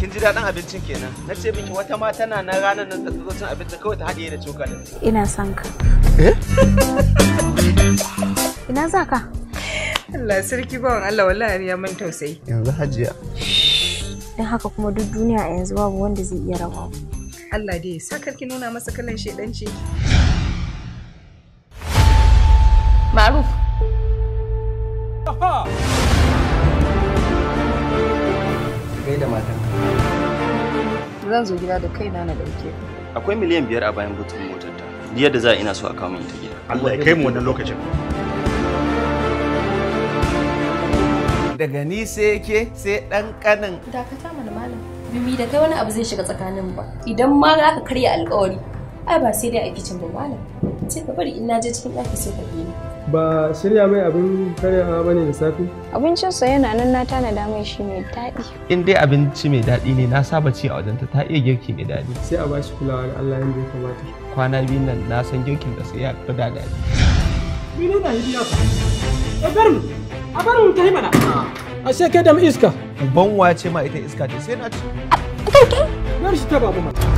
kin ji daɗin abincin kenan na ce miki wata ma tana na ranar nan ta zo cin abinci kawai ta haɗiye da cokalin ina son ka eh? ina za ka Allah sarki bawan Allah wallahi ya man tausayi yanzu hajiya don haka kuma duk duniya a yanzu babu wanda zai iya rawa ba. Allah dai sakar ki nuna masa kallon shedanci Maruf zan zo gida da kaina na dauke akwai miliyan biyar a bayan butun motar ta yadda za a ina so a kawo min ta gida Allah ya kai mu wannan lokacin daga ni sai yake sai dan kanin dakata mana malam bimi da kai wani abu zai shiga tsakanin ba idan ma ka karya alkawari ai ba sai dai a kicin ba malam sai ka bari in na je cikin ɗaki sai ka bi ni ba shirya mai abin karyawa ba ne da safe? abincinsa yana nan na tanada mai shi mai daɗi in dai abinci mai daɗi ne na saba ci a wajenta ta iya girki mai daɗi sai a bashi kulawa da allah yadda ya kamata kwana biyun nan na san girkin da sai ya fi da daɗi mene na yi biya a bar a bar mu ta yi mana a sai kai da mu iska ban wace ma ita iska ce sai na ci kai kai bar shi ta babu mata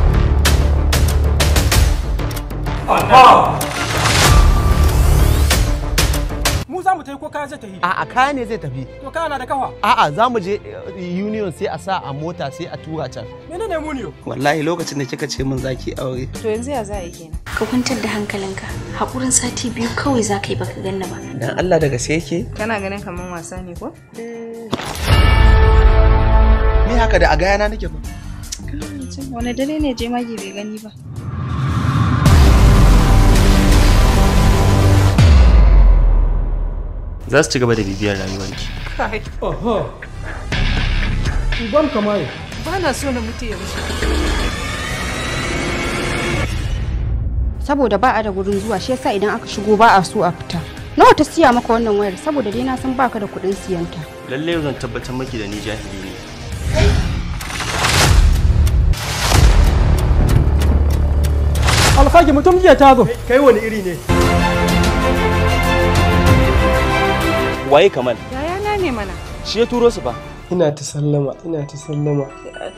ka zai tafi a'a kaya ne zai tafi to kaya na da kafa a'a za mu je eh, union sai a sa a mota sai a tura can menene union wallahi lokacin da kika ce min zaki aure to yanzu ya za a yi kenan ka kwantar da hankalinka hakurin sati biyu kawai za ka yi baka ganna ba dan Allah daga sai yake kana ganin kaman wasa ne ko Me haka da a gaya na nake ba wani dare ne je magi bai gani ba za su ci gaba da bibiyar rayuwarki kai oho uban kamai ba na so na mutu yanzu saboda ba a da gurin zuwa shi yasa idan aka shigo ba a so a fita nawa ta siya maka wannan wayar saboda dai na san baka da kuɗin siyanta lallai zan tabbatar maki da ni jahili ne Alfaki mutum jiya ta zo kai wani iri ne waye kamal yaya na ne mana shi ya turo su fa ina ta sallama ina ta sallama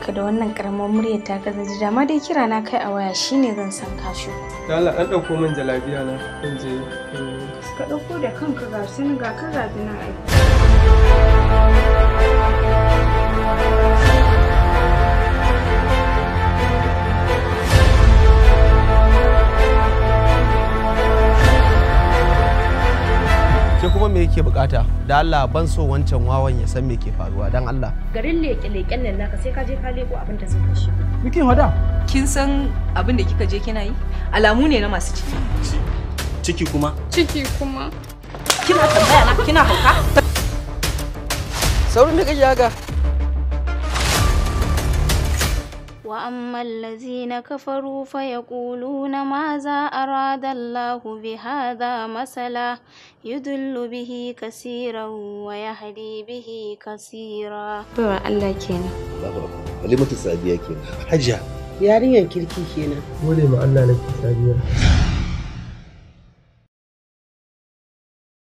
ka da wannan karamar muryar ta ka zaji dama dai kira na kai a waya shine zan san ka shi dan Allah dan dauko min jalabiya na in je ka dauko da kanka ga sun ga ga dina ai me yake bukata da Allah ban so wancan wawan ya san me ke faruwa dan Allah garin leke leken nan naka sai ka je ka leko abin da zai kashe miki wada kin san abin da kika je kina yi alamu ne na masu ciki ciki kuma ciki kuma kina tambaya na kina hauka saurin da kake haka وأما الذين كفروا فيقولون ماذا أراد الله بهذا مثلا يدل به كثيرا ويهدي به كثيرا بيوان الله كينا halimatu sadiya kenan hajja yarinyar kirki kenan gode ma Allah na sadiya